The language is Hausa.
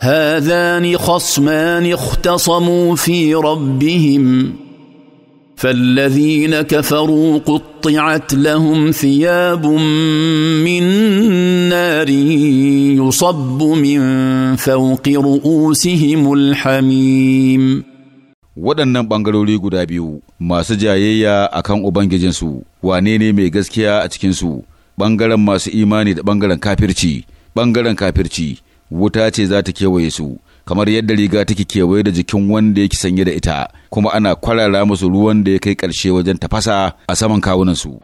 هذان خصمان اختصموا في ربهم فالذين كفروا قطعت لهم ثياب من نار يصب من فوق رؤوسهم الحميم waɗannan ɓangarori guda biyu masu jayayya a kan Ubangijinsu wane ne mai gaskiya a cikinsu ɓangaren masu imani da ɓangaren kafirci ɓangaren kafirci wuta ce za ta kewaye su kamar yadda riga take kewaye da jikin wanda yake sanye da ita kuma ana kwarara musu ruwan da ya kai ƙarshe wajen tafasa a saman kawunansu